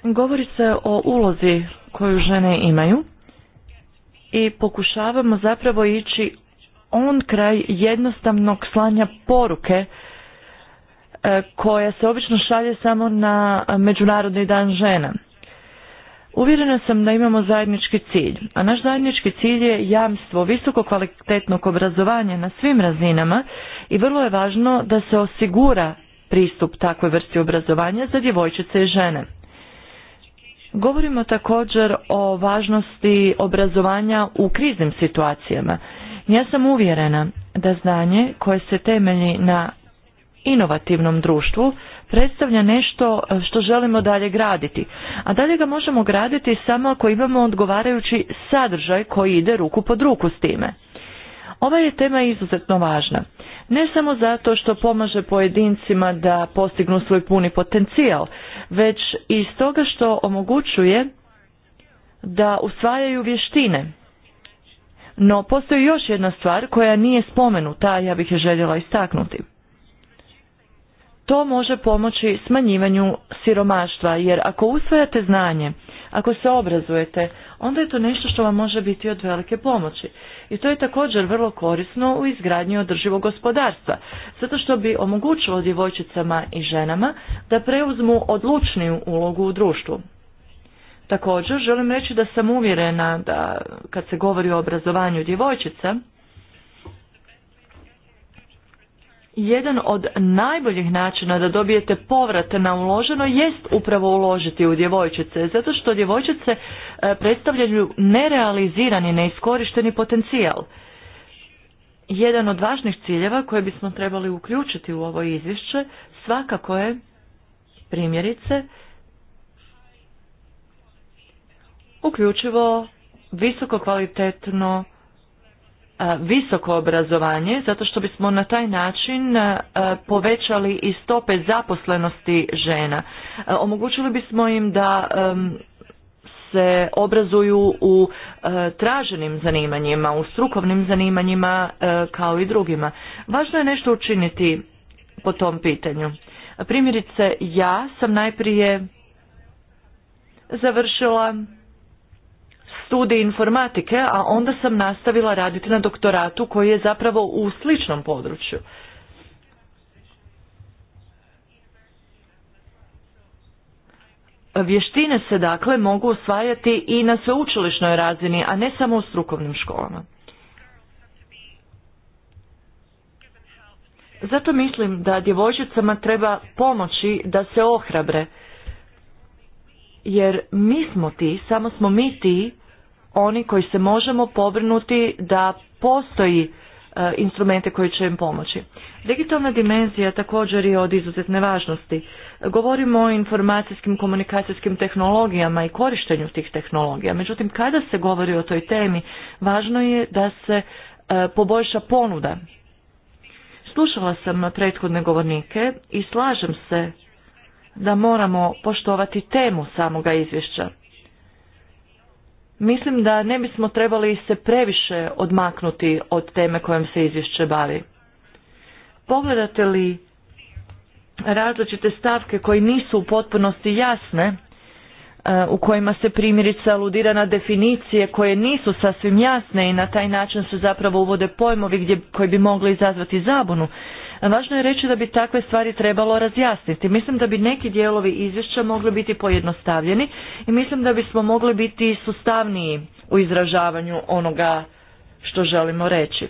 Govori se o ulozi koju žene imaju i pokušavamo zapravo ići on kraj jednostavnog slanja poruke e, koja se obično šalje samo na Međunarodni dan žena. Uvjerena sam da imamo zajednički cilj, a naš zajednički cilj je jamstvo visokokvalitetnog obrazovanja na svim razinama i vrlo je važno da se osigura pristup takvoj vrsti obrazovanja za djevojčice i žene. Govorimo također o važnosti obrazovanja u kriznim situacijama ja sam uvjerena da znanje koje se temelji na inovativnom društvu predstavlja nešto e, što želimo dalje graditi. A dalje ga možemo graditi samo ako imamo odgovarajući sadržaj koji ide ruku pod ruku s time. Ova je tema izuzetno važna. Ne samo zato što pomaže pojedincima da postignu svoj puni potencijal, već i stoga što omogućuje da usvajaju vještine no postoji još jedna stvar koja nije spomenuta, a ja bih je željela istaknuti. To može pomoći smanjivanju siromaštva, jer ako usvojate znanje, ako se obrazujete, onda je to nešto što vam može biti od velike pomoći. I to je također vrlo korisno u izgradnji održivog gospodarstva, zato što bi omogućilo djevojčicama i ženama da preuzmu odlučniju ulogu u društvu. Također želim reći da sam uvjerena da kad se govori o obrazovanju djevojčica, jedan od najboljih načina da dobijete povrat na uloženo jest upravo uložiti u djevojčice, zato što djevojčice e, predstavljaju nerealizirani, neiskorišteni potencijal. Jedan od važnih ciljeva koje bismo trebali uključiti u ovo izvješće svakako je primjerice uključivo visoko kvalitetno e, visoko obrazovanje zato što bismo na taj način e, povećali i stope zaposlenosti žena. E, omogućili bismo im da se obrazuju u traženim zanimanjima, u strukovnim zanimanjima kao i drugima. Važno je nešto učiniti po tom pitanju. Primjerice, ja sam najprije završila studij informatike, a onda sam nastavila raditi na doktoratu koji je zapravo u sličnom području. Vještine se dakle mogu osvajati i na sveučilišnoj razini, a ne samo u strukovnim školama. Zato mislim da djevojčicama treba pomoći da se ohrabre, jer mi smo ti, samo smo mi ti oni koji se možemo pobrinuti da postoji e, instrumente koji će im pomoći. Digitalna dimenzija također je od izuzetne važnosti. Govorimo o informacijskim komunikacijskim tehnologijama i korištenju tih tehnologija. Međutim, kada se govori o toj temi, važno je da se e, poboljša ponuda. Slušala sam prethodne govornike i slažem se da moramo poštovati temu samoga izvješća. Mislim da ne bismo trebali se previše odmaknuti od teme kojom se izvješće bavi. Pogledate li različite stavke koje nisu u potpunosti jasne, e, u kojima se primjerice aludira na definicije koje nisu sasvim jasne i na taj način se zapravo uvode pojmovi koji bi mogli izazvati zabunu. Važno je reći da bi takve stvari trebalo razjasniti. Mislim da bi neki dijelovi izvješća mogli biti pojednostavljeni i mislim da bismo mogli biti sustavniji u izražavanju onoga što želimo reći.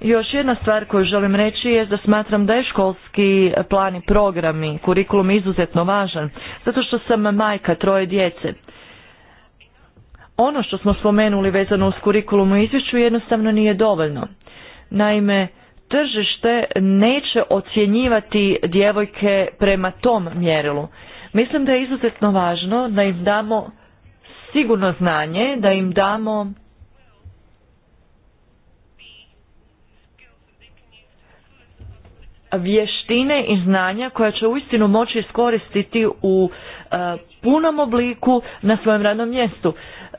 Još jedna stvar koju želim reći je da smatram da je školski plan i programi, kurikulum izuzetno važan, zato što sam majka troje djece. Ono što smo spomenuli vezano uz kurikulum u izvješću jednostavno nije dovoljno. Naime, tržište neće ocjenjivati djevojke prema tom mjerilu. Mislim da je izuzetno važno da im damo sigurno znanje, da im damo vještine i znanja koja će uistinu moći iskoristiti u eh, punom obliku na svojem radnom mjestu.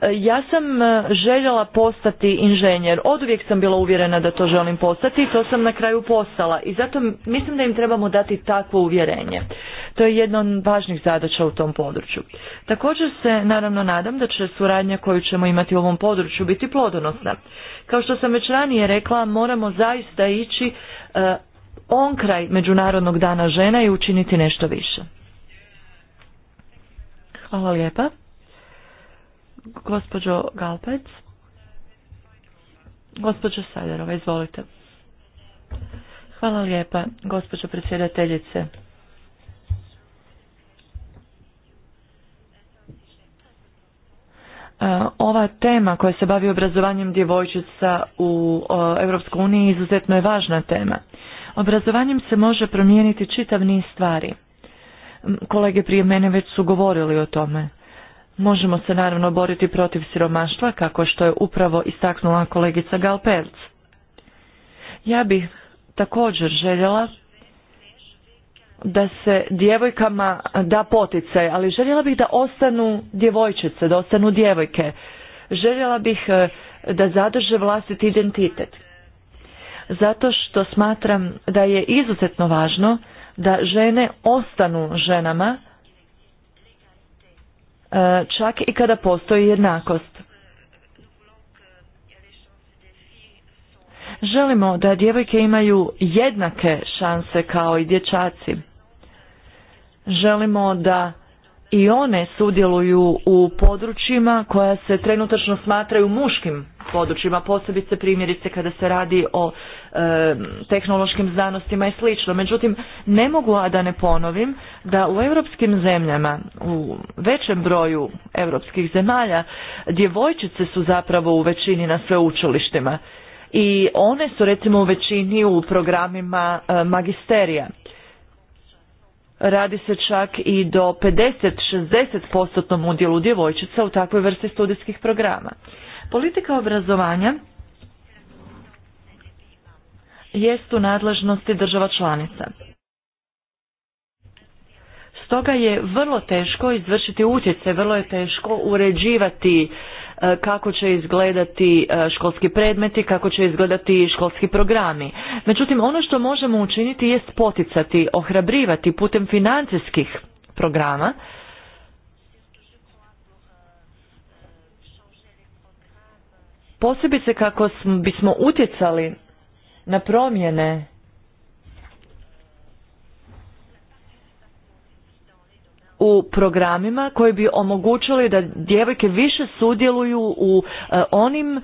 E, ja sam e, željela postati inženjer, od uvijek sam bila uvjerena da to želim postati i to sam na kraju postala i zato mislim da im trebamo dati takvo uvjerenje. To je jedna od važnih zadaća u tom području. Također se naravno nadam da će suradnja koju ćemo imati u ovom području biti plodonosna. Kao što sam već ranije rekla, moramo zaista ići e, on kraj Međunarodnog dana žena i učiniti nešto više. Hvala lijepa. Gospođo Galpec. Gospođo Sajerova, izvolite. Hvala lijepa, gospođo predsjedateljice. E, ova tema koja se bavi obrazovanjem djevojčica u EU uniji izuzetno je važna tema. Obrazovanjem se može promijeniti čitav niz stvari. Kolege prije mene već su govorili o tome. Možemo se naravno boriti protiv siromaštva, kako što je upravo istaknula kolegica Galperc. Ja bih također željela da se djevojkama da poticaj, ali željela bih da ostanu djevojčice, da ostanu djevojke. Željela bih e, da zadrže vlastiti identitet. Zato što smatram da je izuzetno važno da žene ostanu ženama e, čak i kada postoji jednakost. Želimo da djevojke imaju jednake šanse kao i dječaci. Želimo da i one sudjeluju u područjima koja se trenutačno smatraju muškim područjima, posebice primjerice kada se radi o e, tehnološkim znanostima i slično. Međutim, ne mogu a da ne ponovim da u europskim zemljama, u većem broju europskih zemalja, djevojčice su zapravo u većini na sveučilištima i one su recimo u većini u programima e, magisterija. Radi se čak i do 50-60% udjelu djevojčica u takvoj vrsti studijskih programa. Politika obrazovanja jest u nadležnosti država članica. Stoga je vrlo teško izvršiti utjece, vrlo je teško uređivati e, kako će izgledati e, školski predmeti, kako će izgledati školski programi. Međutim, ono što možemo učiniti jest poticati, ohrabrivati putem financijskih programa Posebice kako bismo utjecali na promjene u programima koji bi omogućili da djevojke više sudjeluju u e, onim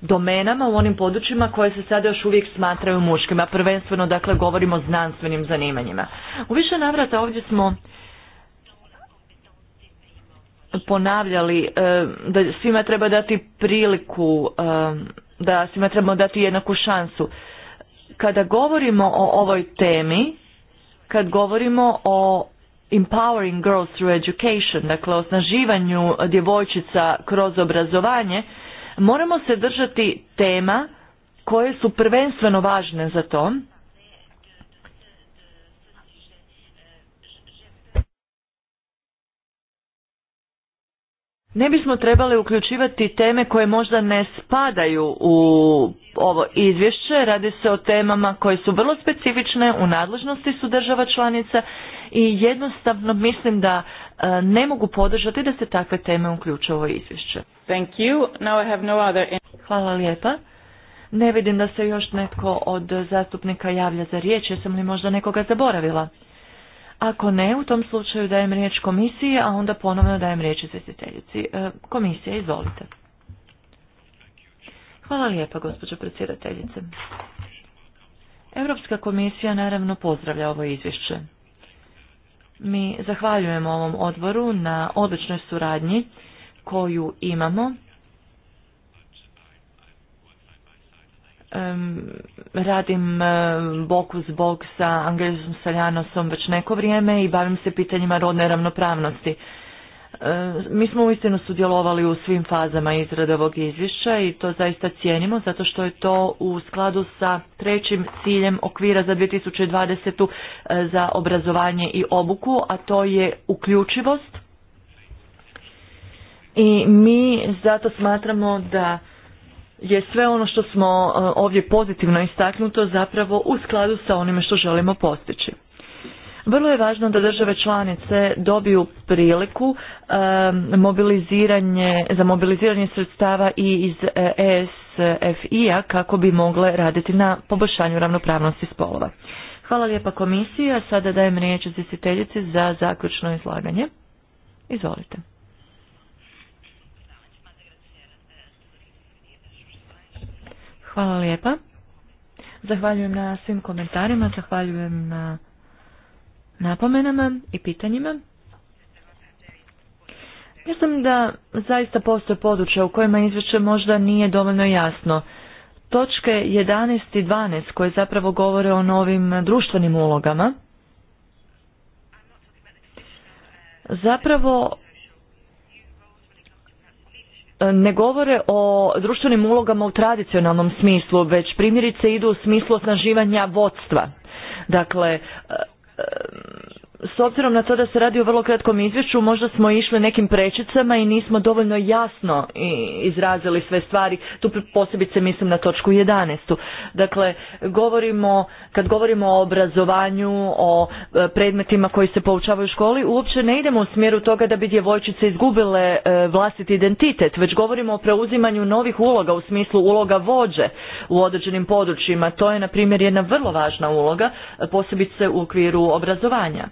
domenama, u onim područjima koje se sada još uvijek smatraju muškima, prvenstveno dakle govorimo o znanstvenim zanimanjima. U više navrata ovdje smo ponavljali e, da svima treba dati priliku, e, da svima trebamo dati jednaku šansu. Kada govorimo o ovoj temi, kad govorimo o empowering girls through education, dakle osnaživanju djevojčica kroz obrazovanje, moramo se držati tema koje su prvenstveno važne za to, ne bismo trebali uključivati teme koje možda ne spadaju u ovo izvješće, radi se o temama koje su vrlo specifične, u nadležnosti su država članica i jednostavno mislim da e, ne mogu podržati da se takve teme uključe u ovo izvješće. Hvala lijepa. Ne vidim da se još netko od zastupnika javlja za riječ, jesam li možda nekoga zaboravila? Ako ne, u tom slučaju dajem riječ komisiji, a onda ponovno dajem riječ izvjestiteljici. E, komisija, izvolite. Hvala lijepa, gospođo predsjedateljice. Europska komisija naravno pozdravlja ovo izvješće. Mi zahvaljujemo ovom odboru na odličnoj suradnji koju imamo radim bok uz bok sa Angelizom Saljanosom već neko vrijeme i bavim se pitanjima rodne ravnopravnosti. Mi smo uistinu sudjelovali u svim fazama izrade ovog izvješća i to zaista cijenimo zato što je to u skladu sa trećim ciljem okvira za 2020. za obrazovanje i obuku, a to je uključivost. I mi zato smatramo da je sve ono što smo e, ovdje pozitivno istaknuto zapravo u skladu sa onime što želimo postići. Vrlo je važno da države članice dobiju priliku e, za mobiliziranje sredstava i iz ESFI-a e kako bi mogle raditi na poboljšanju ravnopravnosti spolova. Hvala lijepa komisija. Sada dajem riječ izvjestiteljici za zaključno izlaganje. Izvolite. Hvala lijepa. Zahvaljujem na svim komentarima, zahvaljujem na napomenama i pitanjima. Mislim da zaista postoje područja u kojima izvješće možda nije dovoljno jasno. Točke 11 i 12 koje zapravo govore o novim društvenim ulogama zapravo ne govore o društvenim ulogama u tradicionalnom smislu, već primjerice idu u smislu osnaživanja vodstva. Dakle, e, e, s obzirom na to da se radi o vrlo kratkom izvješću, možda smo išli nekim prečicama i nismo dovoljno jasno izrazili sve stvari. Tu posebice mislim na točku 11. Dakle, govorimo, kad govorimo o obrazovanju, o e, predmetima koji se poučavaju u školi, uopće ne idemo u smjeru toga da bi djevojčice izgubile e, vlastiti identitet, već govorimo o preuzimanju novih uloga u smislu uloga vođe u određenim područjima. To je, na primjer, jedna vrlo važna uloga, e, posebice u okviru obrazovanja.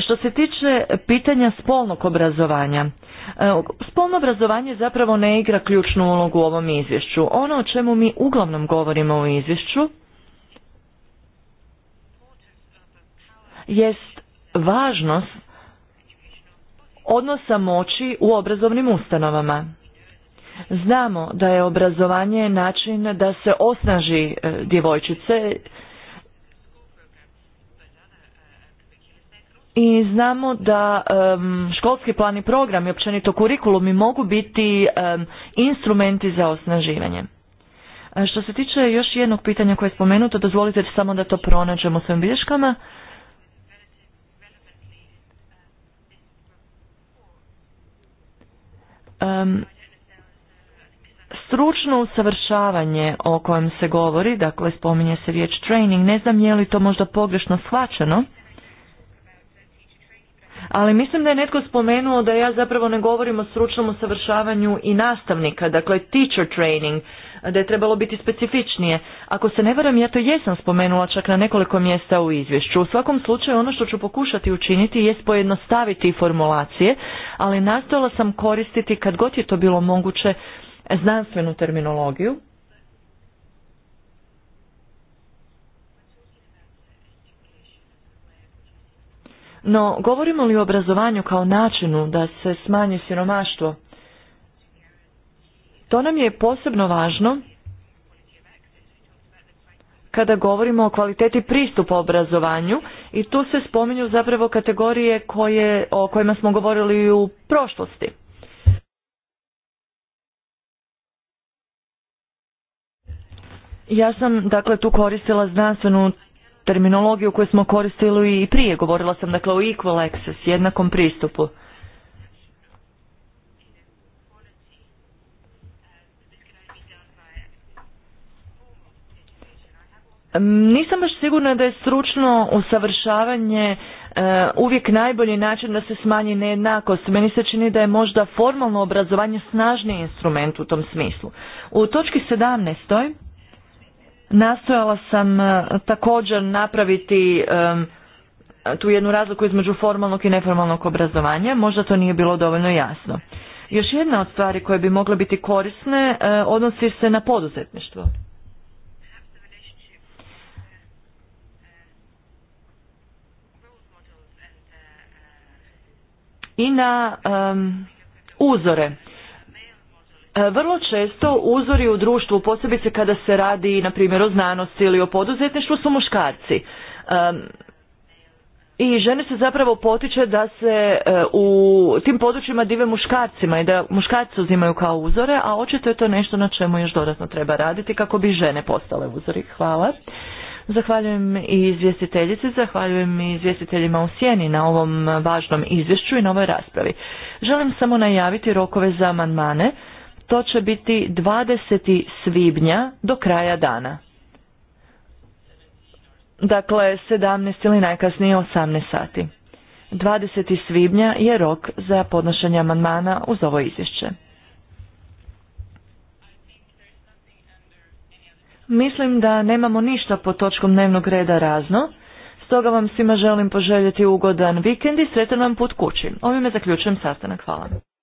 Što se tiče pitanja spolnog obrazovanja, e, spolno obrazovanje zapravo ne igra ključnu ulogu u ovom izvješću. Ono o čemu mi uglavnom govorimo u izvješću jest važnost odnosa moći u obrazovnim ustanovama. Znamo da je obrazovanje način da se osnaži e, djevojčice i znamo da školski plan i program i općenito kurikulumi mogu biti instrumenti za osnaživanje. E, što se tiče još jednog pitanja koje je spomenuto, dozvolite samo da to pronađemo svim bilješkama. Um, stručno usavršavanje o kojem se govori, dakle spominje se riječ training, ne znam je li to možda pogrešno shvaćeno, ali mislim da je netko spomenuo da ja zapravo ne govorim o stručnom usavršavanju i nastavnika, dakle teacher training, da je trebalo biti specifičnije. Ako se ne varam, ja to jesam spomenula čak na nekoliko mjesta u izvješću. U svakom slučaju ono što ću pokušati učiniti je pojednostaviti formulacije, ali nastojala sam koristiti kad god je to bilo moguće znanstvenu terminologiju No, govorimo li o obrazovanju kao načinu da se smanji siromaštvo? To nam je posebno važno kada govorimo o kvaliteti pristupa obrazovanju i tu se spominju zapravo kategorije koje, o kojima smo govorili u prošlosti. Ja sam dakle tu koristila znanstvenu terminologiju koju smo koristili i prije. Govorila sam dakle o equal access, jednakom pristupu. Mm, nisam baš sigurna da je stručno usavršavanje e, uvijek najbolji način da se smanji nejednakost. Meni se čini da je možda formalno obrazovanje snažniji instrument u tom smislu. U točki 17. Nastojala sam e, također napraviti e, tu jednu razliku između formalnog i neformalnog obrazovanja, možda to nije bilo dovoljno jasno. Još jedna od stvari koje bi mogle biti korisne e, odnosi se na poduzetništvo. I na um, uzore E, vrlo često uzori u društvu, posebice kada se radi na primjer o znanosti ili o poduzetništvu, su muškarci. E, I žene se zapravo potiče da se e, u tim područjima dive muškarcima i da muškarci uzimaju kao uzore, a očito je to nešto na čemu još dodatno treba raditi kako bi žene postale uzori. Hvala. Zahvaljujem i izvjestiteljici, zahvaljujem i izvjestiteljima u Sjeni na ovom važnom izvješću i na ovoj raspravi. Želim samo najaviti rokove za amandmane. To će biti 20. svibnja do kraja dana. Dakle, 17 ili najkasnije 18 sati. 20. svibnja je rok za podnošenje amandmana uz ovo izvješće. Mislim da nemamo ništa pod točkom dnevnog reda razno, stoga vam svima želim poželjeti ugodan vikend i sretan vam put kući. Ovime zaključujem sastanak. Hvala.